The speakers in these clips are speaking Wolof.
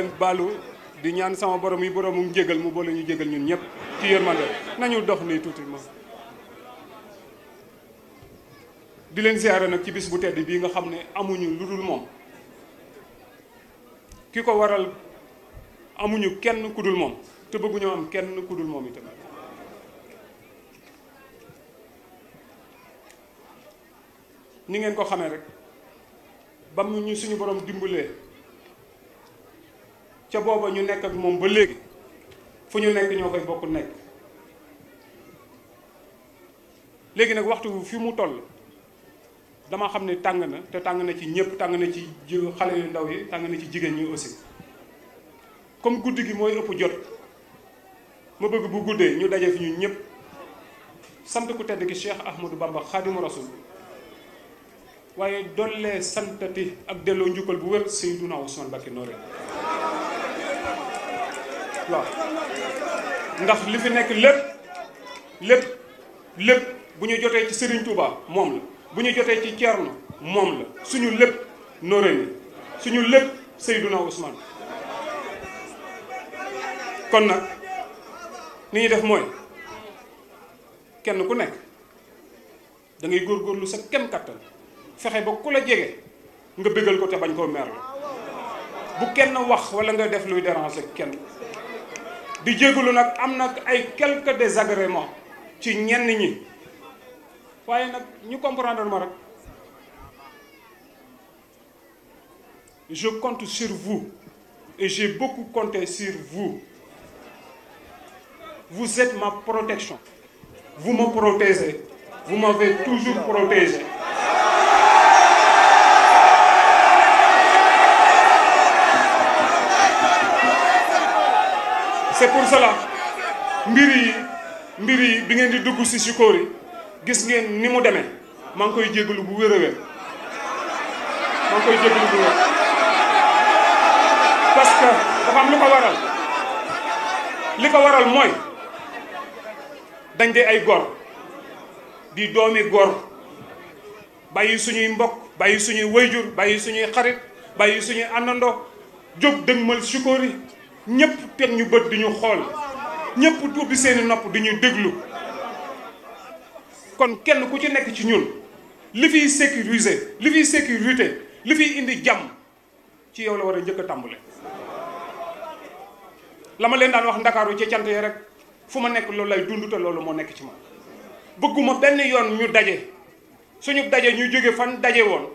leen baalu di ñaan sama borom yi boroomu njégal mu boole ñu jégal ñun ñëpp ci yërmande nañu dox nii tuuti moom di leen siyaare nag ci bis bu tedd bii nga xam ne amuñu lu dul moom ki ko waral amuñu kenn ku dul moom te bëgguñoo am kenn ku dul moom itam ni ngeen ko xamee rek ba mu ñu suñu borom dimbalee ca booba ñu nekk ak moom ba léegi fu ñu nekk ñoo koy bokk nekk léegi nag waxtu fi mu toll dama xam ne tàng na te tàng na ci ñëpp tàng na ci xale yu ndaw yi tàng na ci jigéen ñi aussi comme guddi gi mooy ëpp jot ma bëgg bu guddee ñu daje fi ñun ñëpp sant ku tedd ki Cheikh Ahmadou Bamba Khadimu Rasul waaye dollee santati ak delloo njukkal bu wér Seydina Ousmane Mbacké Noreyni la ndax li fi nekk lépp lépp lépp bu ñu jotee ci Serigne Touba moom la bu ñu jotee ci Thierno moom la suñu lépp Noreyni suñu lépp Seydouna Ousmane kon nag ni ñuy def mooy kenn ku nekk dangay góor góorlu sa kenn kattan fexe ba ku la jege nga bëggal ko te bañ koo mer la bu kenn wax wala nga def luy déranger kenn. di jégalu nag am nag ay quelques désagréments ci ñenn ñi waaye nag ñu comprendre ma rek je compte sur vous et j'ai beaucoup compté sur vous vous êtes ma protection vous me protégez vous m'avez toujours protégé c'est pour cela mbir yi mbir yi bi ngeen di dugg si Sukoor yi gis ngeen ni mu demee maa ngi koy jégalu bu wér a wér maa ngi koy jégalu bu wér parce que dafa am lu ko waral li ko waral mooy dañ dee ay góor di doomi góor bàyyi suñuy mbokk bàyyi suñuy wayjur bàyyi suñuy xarit bàyyi suñuy àndandoo jóg dëgmal Sukoor yi ñëpp teg ñu bët ñu xool ñëpp ubbi seeni nopp duñu déglu kon kenn ku ci nekk ci ñun li fiy sécuriser li fiy sécurité li fiy indi jàmm ci yow la war a njëkk a la ma leen daan wax ndakaaru ci cant yi rek fu ma nekk loolu lay dund te loolu moo nekk ci ma bëgguma benn yoon ñu daje suñu daje ñu jóge fan daje woon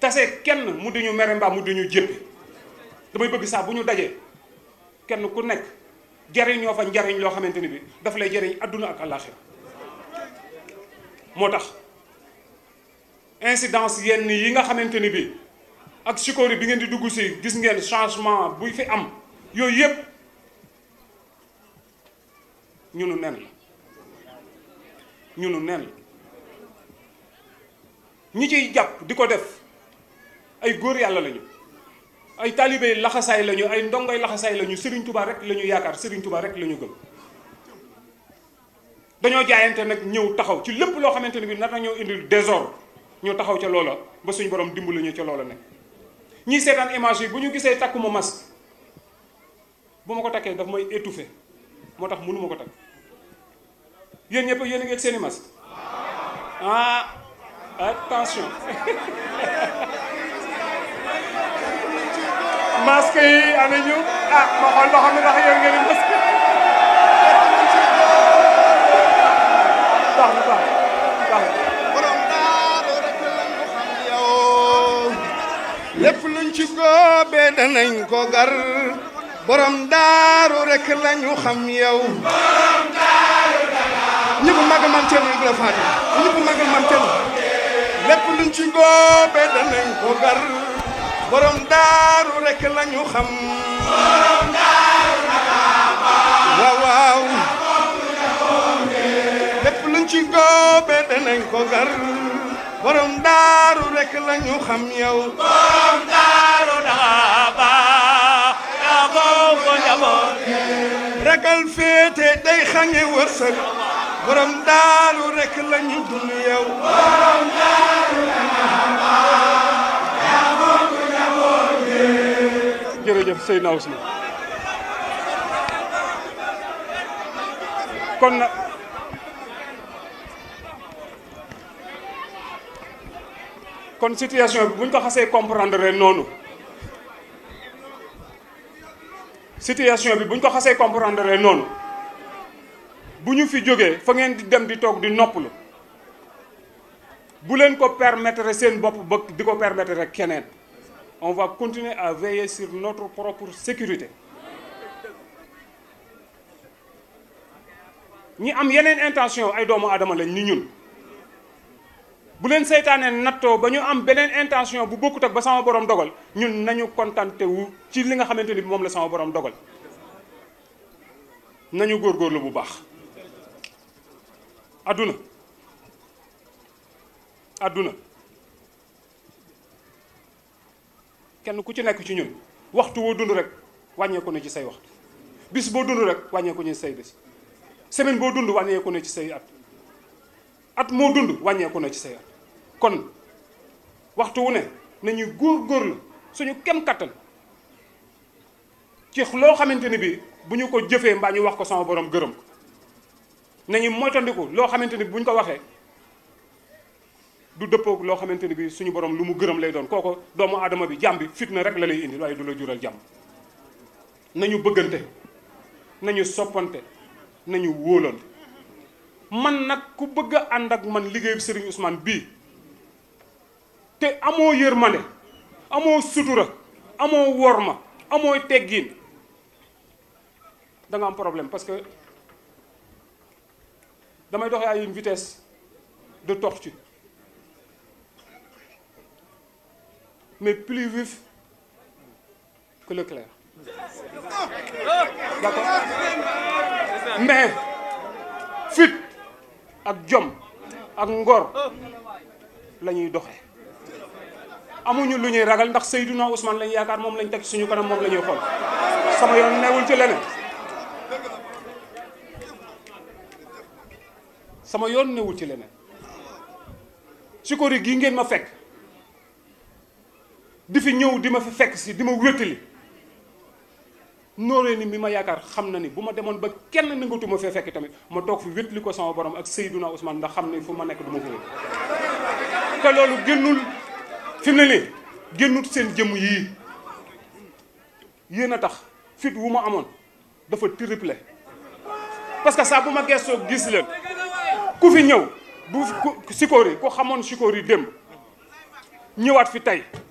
tase kenn mu duñu mere mbaa mu duñu jéppi damay bëgg saa bu ñu dajee kenn ku nekk jariñoo fa njariñ loo xamante ni bi daf lay jariñ adduna ak àllaaxira moo tax incidence yenn yi nga xamante ni bi ak sukóori bi ngeen di dugg si gis ngeen changement buy fi am yooyu yëpp ñunu nen la ñunu nen la ñi ciy jàpp di ko def ay góor yàlla lañu ay taalibe laxasaay lañu ay ndongoy laxasaay lañu Serigne Touba rek la ñu yaakaar Serigne Touba rek la ñu gëm dañoo jaayante nag ñëw taxaw ci lépp loo xamante ne bi nar nañoo indil désordre ñu taxaw ca loola ba suñu borom dimb lañu ca loola ne ñii seetaan image yi bu ñu gisee takkuma masque bu ma ko takkee daf may étouffé moo tax mënuma ko takk yéen ñëpp yéen a seeni masque ah attention masque yi ñu ah ma xool ba xam ne ndax yor ngeen ci góobee danañ ko borom daaru rek lañu xam yow borom daaru ñëpp màggal maam Cerno Ibrahima Faati ñëpp màggal maam Cerno lépp ci góobee danañ ko borom daaru rek lañu xam. borom daaru waaw waaw. lépp luñ ci góobe danañ ko gar. borom daaru xam yow. borom daaru daaba. yaa boobu njabooti. ragal borom daaru rek lañu dund yow. borom jërëjëf Seydina Ousmane kon na kon situation bi bu ñu ko xasee comprendre noonu situation bi bu ñu ko xasee comprendre noonu bu ñu fi jógee fa ngeen di dem di toog di noppalu bu leen ko permetre seen bopp di ko permettre rek keneen. on va continuer à veiller sur notre propre sécurité ñi am yeneen intention ay doomu aadama lañ ni ñun bu leen seytaanee nattoo ba ñu am beneen intention bu bokkut ak ba sama borom dogal ñun nañu kontante wu ci li nga xamante ni moom la sama boroom dogal nañu góor góorgóorlu bu baax adduna adduna kenn ku ci nekk ci ñun waxtu woo dund rek wàññeeku na ci say waxtu bis boo dund rek wàññeeku na ci say bis semaine boo dund wàññeeku na ci say at at moo dund wàññeeku na ci say at kon waxtu wu ne nañu góorgóorlu suñu kem kattan ci loo xamante ni bi bu ñu ko jëfee mbaa ñu wax ko sama boroom gërëm ko nañu moytandiku loo xamante ni bu ñu ko waxee du dëppoog loo xamante ni bi suñu borom lu mu gërëm lay doon kooko doomu aadama bi jàmm bi fitna rek la lay indi waaye du la jural jàmm nañu bëggante nañu soppante nañu wóolante man nag ku bëgg a ànd ak man liggéeyu Serigne Ousmane bii te amoo yërmande amoo sutura amoo worma amoo teggiin danga am problème parce que damay doxee ay une vitesse de ci mais plus vif que Leclerc. mais fit ak jom ak ngor la ñuy doxee amuñu lu ñuy ragal ndax Seydina Ousmane lañ yaakaar moom lañ teg suñu kanam moom la ñuy xool sama yoon newul ci leneen sama yoon newul ci leneen. Sikori gii ngeen ma fekk. di fi ñëw di ma fi fekk si di ma wéttali nooree ni mi ma yaakaar xam na ni bu ma demoon ba kenn nangatu ma fee fekk tamit ma toog fi wéttali ko sama borom ak Seydouna Ousmane ndax xam ne fu ma nekk du ma ko loolu génnul fi mu ne nii génnut seen jëmm yii yéen a tax fit wu ma amoon dafa triplé parce que saa bu ma gestoo gis leen ku fi ñëw bu Sikori ku xamoon Sikori démb ñëwaat fi tey